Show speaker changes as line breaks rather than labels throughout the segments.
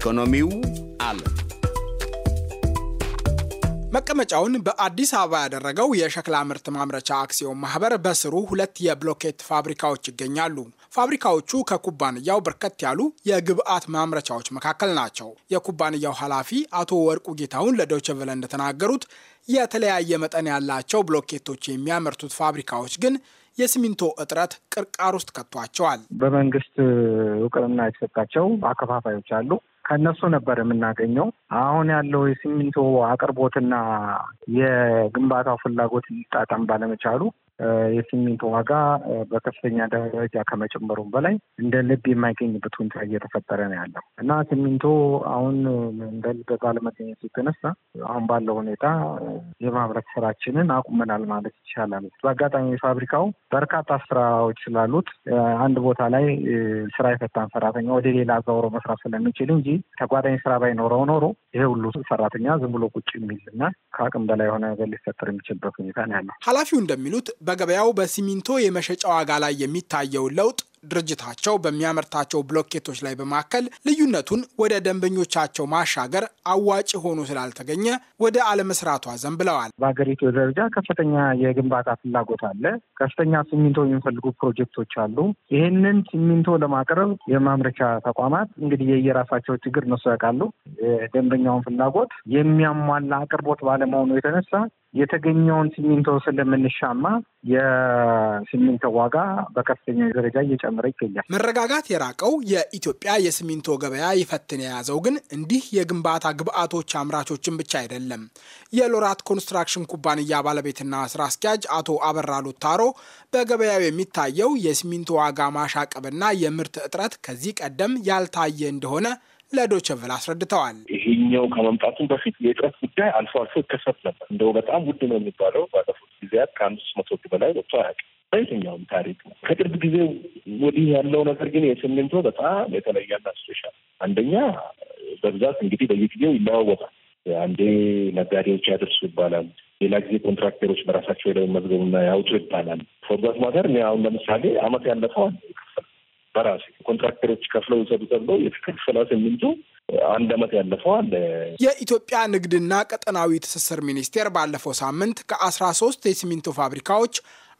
ኢኮኖሚው አለ። መቀመጫውን በአዲስ አበባ ያደረገው የሸክላ ምርት ማምረቻ አክሲዮን ማህበር በስሩ ሁለት የብሎኬት ፋብሪካዎች ይገኛሉ። ፋብሪካዎቹ ከኩባንያው በርከት ያሉ የግብአት ማምረቻዎች መካከል ናቸው። የኩባንያው ኃላፊ አቶ ወርቁ ጌታሁን ለዶችቨለ እንደተናገሩት የተለያየ መጠን ያላቸው ብሎኬቶች የሚያመርቱት ፋብሪካዎች ግን የሲሚንቶ እጥረት ቅርቃር ውስጥ ከቷቸዋል።
በመንግስት እውቅና የተሰጣቸው አከፋፋዮች አሉ። ከእነሱ ነበር የምናገኘው። አሁን ያለው የሲሚንቶ አቅርቦትና የግንባታው ፍላጎት ሊጣጣም ባለመቻሉ የሲሚንቶ ዋጋ በከፍተኛ ደረጃ ከመጨመሩም በላይ እንደ ልብ የማይገኝበት ሁኔታ እየተፈጠረ ነው ያለው እና ሲሚንቶ አሁን እንደ ልብ ባለመገኘቱ የተነሳ አሁን ባለው ሁኔታ የማምረት ስራችንን አቁመናል ማለት ይቻላል። በአጋጣሚ ፋብሪካው በርካታ ስራዎች ስላሉት አንድ ቦታ ላይ ስራ የፈታን ሰራተኛ ወደ ሌላ አዛውሮ መስራት ስለሚችል እንጂ ተጓዳኝ ስራ ባይኖረው ኖሮ ይሄ ሁሉ ሰራተኛ ዝም ብሎ ቁጭ የሚልና ከአቅም በላይ የሆነ ነገር ሊፈጠር የሚችልበት ሁኔታ ነው ያለው።
ኃላፊው እንደሚሉት በገበያው በሲሚንቶ የመሸጫ ዋጋ ላይ የሚታየውን ለውጥ ድርጅታቸው በሚያመርታቸው ብሎኬቶች ላይ በማከል ልዩነቱን ወደ ደንበኞቻቸው ማሻገር አዋጭ ሆኖ ስላልተገኘ ወደ አለመስራቷ ዘንብለዋል። በሀገሪቱ ደረጃ ከፍተኛ የግንባታ ፍላጎት አለ። ከፍተኛ ሲሚንቶ የሚፈልጉ
ፕሮጀክቶች አሉ። ይህንን ሲሚንቶ ለማቅረብ የማምረቻ ተቋማት እንግዲህ የየራሳቸው ችግር እነሱ ያውቃሉ። የደንበኛውን ፍላጎት የሚያሟላ አቅርቦት ባለመሆኑ የተነሳ የተገኘውን ሲሚንቶ ስለምንሻማ የሲሚንቶ ዋጋ በከፍተኛ ደረጃ እየጨመረ ይገኛል።
መረጋጋት የራቀው የኢትዮጵያ የሲሚንቶ ገበያ ይፈትን የያዘው ግን እንዲህ የግንባታ ግብአቶች አምራቾችን ብቻ አይደለም። የሎራት ኮንስትራክሽን ኩባንያ ባለቤትና ስራ አስኪያጅ አቶ አበራ ሉታሮ በገበያው የሚታየው የሲሚንቶ ዋጋ ማሻቀብና የምርት እጥረት ከዚህ ቀደም ያልታየ እንደሆነ ለዶቸቭል አስረድተዋል።
ይሄኛው ከመምጣቱም በፊት የእጥረት ጉዳይ አልፎ አልፎ ይከሰት ነበር። እንደው በጣም ውድ ነው የሚባለው ባለፉት ጊዜያት ከአንድ ሶስት መቶ በላይ ወጥቶ አያውቅም በየትኛውም ታሪክ ነው። ከቅርብ ጊዜ ወዲህ ያለው ነገር ግን የሲሚንቶ በጣም የተለያና ስፔሻል አንደኛ በብዛት እንግዲህ በየጊዜው ይለዋወጣል። አንዴ ነጋዴዎች ያደርሱ ይባላል፣ ሌላ ጊዜ ኮንትራክተሮች በራሳቸው ላይ መዝገቡና ያውጡ ይባላል። ፎርጓት ማተር አሁን ለምሳሌ አመት ያለፈው በራሴ ኮንትራክተሮች ከፍለው ይሰጡ ተብለው የተከፈለ ሲሚንቶ አንድ አመት ያለፈው አለ።
የኢትዮጵያ ንግድና ቀጠናዊ ትስስር ሚኒስቴር ባለፈው ሳምንት ከአስራ ሶስት የሲሚንቶ ፋብሪካዎች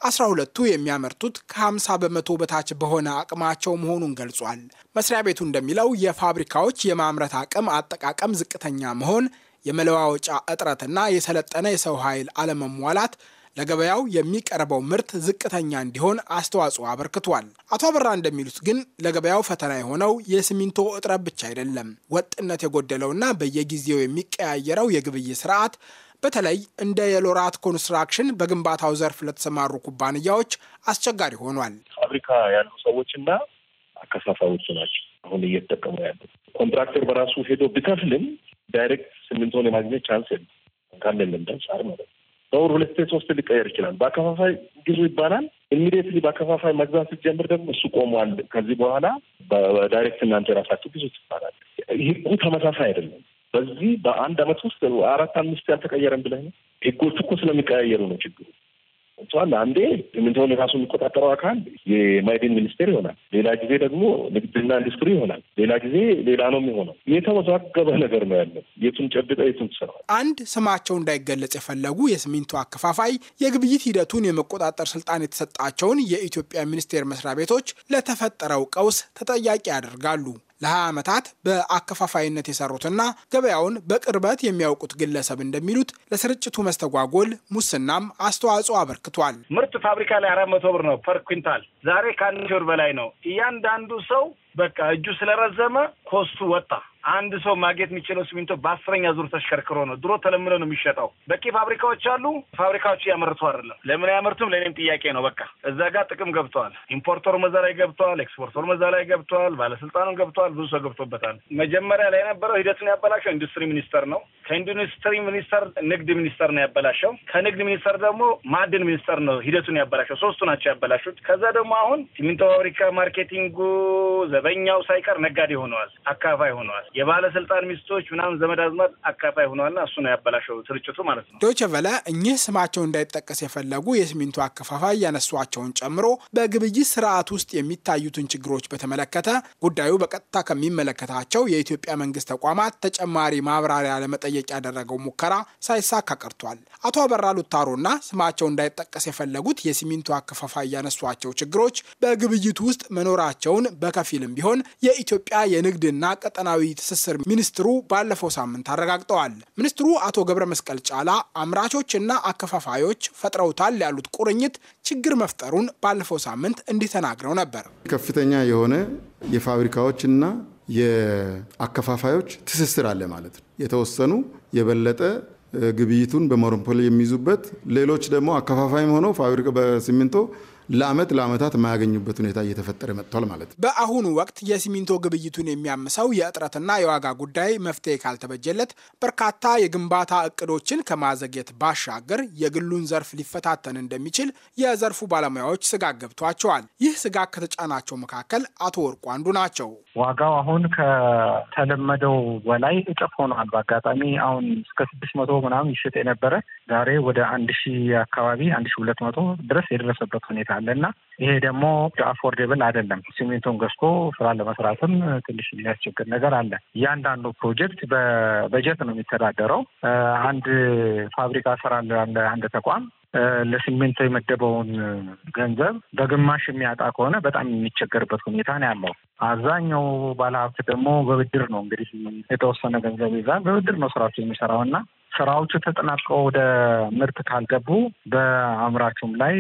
አስራ ሁለቱ የሚያመርቱት ከ50 በመቶ በታች በሆነ አቅማቸው መሆኑን ገልጿል። መስሪያ ቤቱ እንደሚለው የፋብሪካዎች የማምረት አቅም አጠቃቀም ዝቅተኛ መሆን፣ የመለዋወጫ እጥረትና የሰለጠነ የሰው ኃይል አለመሟላት ለገበያው የሚቀርበው ምርት ዝቅተኛ እንዲሆን አስተዋጽኦ አበርክቷል። አቶ አበራ እንደሚሉት ግን ለገበያው ፈተና የሆነው የሲሚንቶ እጥረት ብቻ አይደለም። ወጥነት የጎደለውና በየጊዜው የሚቀያየረው የግብይት ስርዓት በተለይ እንደ የሎራት ኮንስትራክሽን በግንባታው ዘርፍ ለተሰማሩ ኩባንያዎች አስቸጋሪ ሆኗል።
ፋብሪካ ያሉ ሰዎችና አከፋፋዮች ናቸው አሁን እየተጠቀሙ ያለ። ኮንትራክተር በራሱ ሄዶ ቢከፍልም ዳይሬክት ሲሚንቶን የማግኘት ቻንስ የለም ካለ ለም ማለት ነው በወር ሁለት ሶስት ሊቀየር ይችላል። በአከፋፋይ ግዙ ይባላል። ኢሚዲየትሊ በአከፋፋይ መግዛት ሲጀምር ደግሞ እሱ ቆሟል። ከዚህ በኋላ በዳይሬክት እናንተ የራሳችሁ ግዙ ይባላል። ህጉ ተመሳሳይ አይደለም። በዚህ በአንድ አመት ውስጥ አራት አምስት ያልተቀየረን ብለህ ነው። ህጎቹ እኮ ስለሚቀያየሩ ነው ችግሩ። ሰጥቷል። አንዴ ምንደሆን የራሱ የሚቆጣጠረው አካል የማይድን ሚኒስቴር ይሆናል፣ ሌላ ጊዜ ደግሞ ንግድና ኢንዱስትሪ ይሆናል፣ ሌላ ጊዜ ሌላ ነው የሚሆነው። የተወዛገበ ነገር ነው ያለው። የቱን ጨብጠ የቱን ትሰራ።
አንድ ስማቸው እንዳይገለጽ የፈለጉ የሲሚንቶ አከፋፋይ የግብይት ሂደቱን የመቆጣጠር ስልጣን የተሰጣቸውን የኢትዮጵያ ሚኒስቴር መስሪያ ቤቶች ለተፈጠረው ቀውስ ተጠያቂ ያደርጋሉ። ለ20 ዓመታት በአከፋፋይነት የሰሩትና ገበያውን በቅርበት የሚያውቁት ግለሰብ እንደሚሉት ለስርጭቱ መስተጓጎል ሙስናም አስተዋጽኦ አበርክቷል። ምርት ፋብሪካ ላይ አራት መቶ ብር ነው ፐር ኩንታል፣ ዛሬ ከአንድ ሺህ ብር በላይ ነው። እያንዳንዱ ሰው በቃ እጁ ስለረዘመ ኮስቱ
ወጣ። አንድ ሰው ማግኘት የሚችለው ሲሚንቶ በአስረኛ ዙር ተሽከርክሮ ነው። ድሮ ተለምዶ ነው የሚሸጠው። በቂ ፋብሪካዎች አሉ። ፋብሪካዎቹ ያመርቱ አይደለም። ለምን አያመርቱም? ለእኔም ጥያቄ ነው። በቃ እዛ ጋር ጥቅም ገብተዋል። ኢምፖርተሩ መዛ ላይ ገብተዋል። ኤክስፖርተሩ መዛ ላይ ገብተዋል። ባለስልጣኑም ገብተዋል። ብዙ ሰው ገብቶበታል። መጀመሪያ ላይ የነበረው ሂደቱን ያበላሸው ኢንዱስትሪ ሚኒስተር ነው። ከኢንዱስትሪ ሚኒስተር ንግድ ሚኒስተር ነው ያበላሸው። ከንግድ ሚኒስተር ደግሞ ማዕድን ሚኒስተር ነው ሂደቱን ያበላሸው። ሶስቱ ናቸው ያበላሹት። ከዛ ደግሞ አሁን ሲሚንቶ ፋብሪካ ማርኬቲንጉ፣ ዘበኛው ሳይቀር ነጋዴ ሆነዋል፣ አካፋይ ሆነዋል። የባለስልጣን ሚስቶች ምናምን ዘመድ አዝማድ አካፋይ ሆኗልና እሱ ነው ያበላሸው ስርጭቱ ማለት
ነው። ዶይቼ ቬለ እኚህ ስማቸው እንዳይጠቀስ የፈለጉ የሲሚንቶ አከፋፋይ ያነሷቸውን ጨምሮ በግብይት ስርዓት ውስጥ የሚታዩትን ችግሮች በተመለከተ ጉዳዩ በቀጥታ ከሚመለከታቸው የኢትዮጵያ መንግስት ተቋማት ተጨማሪ ማብራሪያ ለመጠየቅ ያደረገው ሙከራ ሳይሳካ ቀርቷል። አቶ አበራ ሉታሮና ስማቸው እንዳይጠቀስ የፈለጉት የሲሚንቶ አከፋፋይ ያነሷቸው ችግሮች በግብይቱ ውስጥ መኖራቸውን በከፊልም ቢሆን የኢትዮጵያ የንግድና ቀጠናዊ ትስስር ሚኒስትሩ ባለፈው ሳምንት አረጋግጠዋል። ሚኒስትሩ አቶ ገብረ መስቀል ጫላ አምራቾችና አከፋፋዮች ፈጥረውታል ያሉት ቁርኝት ችግር መፍጠሩን ባለፈው ሳምንት
እንዲህ ተናግረው ነበር። ከፍተኛ የሆነ የፋብሪካዎችና የአከፋፋዮች ትስስር አለ ማለት ነው። የተወሰኑ የበለጠ ግብይቱን በሞኖፖል የሚይዙበት ሌሎች ደግሞ አከፋፋይም ሆነው ፋብሪካ በሲሚንቶ ለአመት ለአመታት የማያገኙበት ሁኔታ እየተፈጠረ መጥቷል ማለት ነው።
በአሁኑ ወቅት የሲሚንቶ ግብይቱን የሚያምሰው የእጥረትና የዋጋ ጉዳይ መፍትሄ ካልተበጀለት በርካታ የግንባታ እቅዶችን ከማዘግየት ባሻገር የግሉን ዘርፍ ሊፈታተን እንደሚችል የዘርፉ ባለሙያዎች ስጋት ገብቷቸዋል። ይህ ስጋት ከተጫናቸው መካከል አቶ ወርቁ አንዱ ናቸው።
ዋጋው አሁን ከተለመደው በላይ እጥፍ ሆኗል። በአጋጣሚ አሁን እስከ ስድስት መቶ ምናምን ይሸጥ የነበረ ዛሬ ወደ አንድ ሺህ አካባቢ አንድ ሺህ ሁለት መቶ ድረስ የደረሰበት ሁኔታ አለ እና ይሄ ደግሞ አፎርዴብል አይደለም። ሲሚንቶን ገዝቶ ስራ ለመስራትም ትንሽ የሚያስቸግር ነገር አለ። እያንዳንዱ ፕሮጀክት በበጀት ነው የሚተዳደረው። አንድ ፋብሪካ ስራ አንድ ተቋም ለሲሚንቶ የመደበውን ገንዘብ በግማሽ የሚያጣ ከሆነ በጣም የሚቸገርበት ሁኔታ ነው ያለው። አብዛኛው ባለሀብት ደግሞ በብድር ነው እንግዲህ የተወሰነ ገንዘብ ይዛል። በብድር ነው ስራቸው የሚሰራው እና ስራዎቹ ተጠናቅቀው ወደ ምርት ካልገቡ በአምራቹም ላይ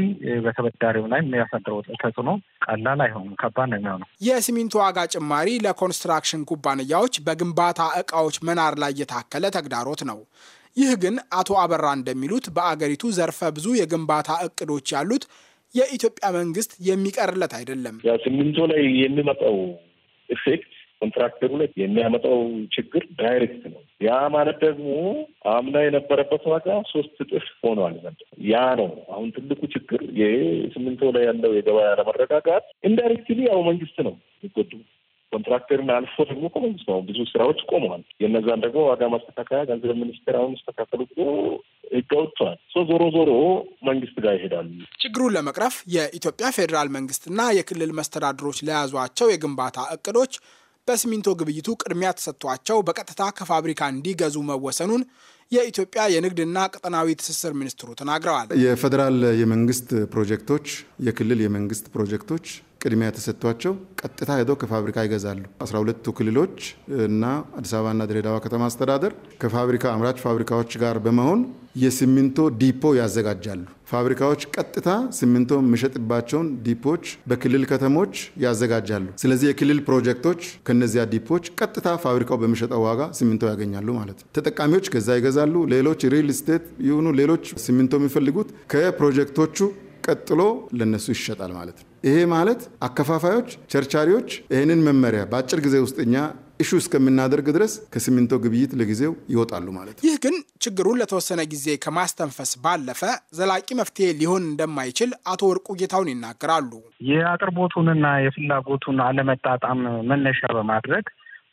በተበዳሪው ላይ የሚያሳድረው ተጽዕኖ ቀላል አይሆንም፣ ከባድ ነው የሚሆነው።
የሲሚንቶ ዋጋ ጭማሪ ለኮንስትራክሽን ኩባንያዎች በግንባታ እቃዎች መናር ላይ የታከለ ተግዳሮት ነው። ይህ ግን አቶ አበራ እንደሚሉት በአገሪቱ ዘርፈ ብዙ የግንባታ እቅዶች ያሉት የኢትዮጵያ መንግስት የሚቀርለት አይደለም።
ሲሚንቶ ላይ የሚመጣው ኢፌክት ኮንትራክተሩ ላይ የሚያመጣው ችግር ዳይሬክት ነው። ያ ማለት ደግሞ አምና የነበረበት ዋጋ ሶስት እጥፍ ሆኗል። ያ ነው አሁን ትልቁ ችግር። የስሚንቶ ላይ ያለው የገበያ ለመረጋጋት ኢንዳይሬክትሊ ያው መንግስት ነው የሚጎዱ ኮንትራክተርን አልፎ ደግሞ ከመንግስት ነው ብዙ ስራዎች ቆመዋል። የነዛን ደግሞ ዋጋ ማስተካከያ ገንዘብ ሚኒስቴር አሁን ስተካከሉ ብሎ ዞሮ ዞሮ መንግስት ጋር ይሄዳሉ።
ችግሩን ለመቅረፍ የኢትዮጵያ ፌዴራል መንግስትና የክልል መስተዳድሮች ለያዟቸው የግንባታ እቅዶች በሲሚንቶ ግብይቱ ቅድሚያ ተሰጥቷቸው በቀጥታ ከፋብሪካ እንዲገዙ መወሰኑን የኢትዮጵያ የንግድና ቀጠናዊ ትስስር ሚኒስትሩ ተናግረዋል። የፌዴራል
የመንግስት ፕሮጀክቶች፣ የክልል የመንግስት ፕሮጀክቶች ቅድሚያ ተሰጥቷቸው ቀጥታ ሄዶ ከፋብሪካ ይገዛሉ። 12ቱ ክልሎች እና አዲስ አበባና ድሬዳዋ ከተማ አስተዳደር ከፋብሪካ አምራች ፋብሪካዎች ጋር በመሆን የሲሚንቶ ዲፖ ያዘጋጃሉ። ፋብሪካዎች ቀጥታ ሲሚንቶ የሚሸጥባቸውን ዲፖች በክልል ከተሞች ያዘጋጃሉ። ስለዚህ የክልል ፕሮጀክቶች ከነዚያ ዲፖች ቀጥታ ፋብሪካው በሚሸጠው ዋጋ ሲሚንቶ ያገኛሉ ማለት ነው። ተጠቃሚዎች ከዛ ይገዛሉ። ሌሎች ሪል ስቴት ይሁኑ ሌሎች ሲሚንቶ የሚፈልጉት ከፕሮጀክቶቹ ቀጥሎ ለነሱ ይሸጣል ማለት ነው። ይሄ ማለት አከፋፋዮች፣ ቸርቻሪዎች ይህንን መመሪያ በአጭር ጊዜ ውስጥ እኛ እሹ እስከምናደርግ ድረስ ከሲሚንቶ ግብይት ለጊዜው ይወጣሉ ማለት ነው።
ይህ ግን ችግሩን ለተወሰነ ጊዜ ከማስተንፈስ ባለፈ ዘላቂ መፍትሄ ሊሆን እንደማይችል አቶ ወርቁ ጌታውን ይናገራሉ።
የአቅርቦቱንና የፍላጎቱን አለመጣጣም መነሻ በማድረግ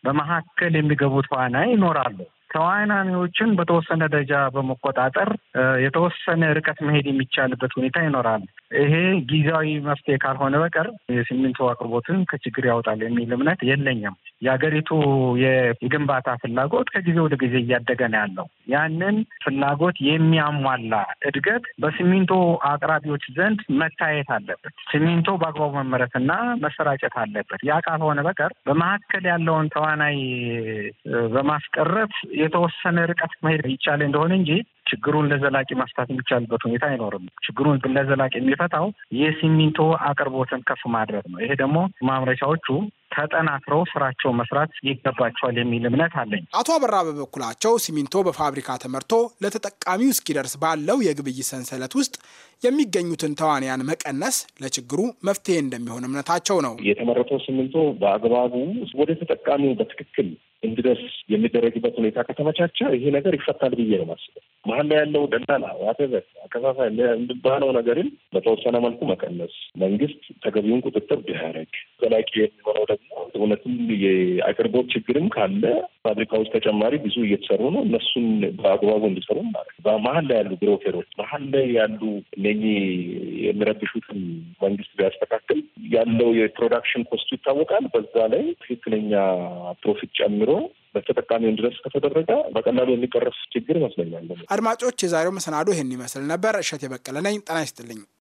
በመካከል የሚገቡ ተዋናይ ይኖራሉ። ተዋናኒዎችን በተወሰነ ደረጃ በመቆጣጠር የተወሰነ ርቀት መሄድ የሚቻልበት ሁኔታ ይኖራል። ይሄ ጊዜያዊ መፍትሄ ካልሆነ በቀር የሲሚንቶ አቅርቦትን ከችግር ያወጣል የሚል እምነት የለኝም። የሀገሪቱ የግንባታ ፍላጎት ከጊዜ ወደ ጊዜ እያደገ ነው ያለው። ያንን ፍላጎት የሚያሟላ እድገት በሲሚንቶ አቅራቢዎች ዘንድ መታየት አለበት። ሲሚንቶ በአግባቡ መመረትና መሰራጨት አለበት። ያ ካልሆነ በቀር በመካከል ያለውን ተዋናይ በማስቀረት የተወሰነ ርቀት መሄድ ይቻል እንደሆነ እንጂ ችግሩን ለዘላቂ መፍታት የሚቻልበት ሁኔታ አይኖርም። ችግሩን ለዘላቂ የሚፈታው የሲሚንቶ አቅርቦትን ከፍ ማድረግ ነው። ይሄ ደግሞ ማምረቻዎቹ ተጠናክረው ስራቸው መስራት ይገባቸዋል የሚል እምነት አለኝ።
አቶ አበራ በበኩላቸው ሲሚንቶ በፋብሪካ ተመርቶ ለተጠቃሚው እስኪደርስ ባለው የግብይት ሰንሰለት ውስጥ የሚገኙትን ተዋንያን መቀነስ ለችግሩ መፍትሄ እንደሚሆን እምነታቸው ነው። የተመረተው ሲሚንቶ በአግባቡ ወደ ተጠቃሚው በትክክል
እንዲደርስ የሚደረግበት ሁኔታ ከተመቻቸ ይሄ ነገር ይፈታል ብዬ ነው የማስበው። መሀል ላይ ያለው ደላላ ዋቴቨር አከፋፋይ እንድባለው ነገርን በተወሰነ መልኩ መቀነስ፣ መንግስት ተገቢውን ቁጥጥር ቢያደርግ፣ ዘላቂ የሚሆነው ደግሞ እውነትም የአቅርቦት ችግርም ካለ ፋብሪካዎች ተጨማሪ ብዙ እየተሰሩ ነው። እነሱን በአግባቡ እንዲሰሩ ማለት በመሀል ላይ ያሉ ብሮኬሮች፣ መሀል ላይ ያሉ እነኚህ የሚረብሹትን መንግስት ቢያስተካክል ያለው የፕሮዳክሽን ኮስቱ ይታወቃል። በዛ ላይ ትክክለኛ ፕሮፊት ጨምሮ ተጠቃሚውን ድረስ ከተደረገ በቀላሉ የሚቀረፍ ችግር ይመስለኛል።
አድማጮች፣ የዛሬው መሰናዶ ይህን ይመስል ነበር። እሸት የበቀለ ነኝ። ጤና ይስጥልኝ።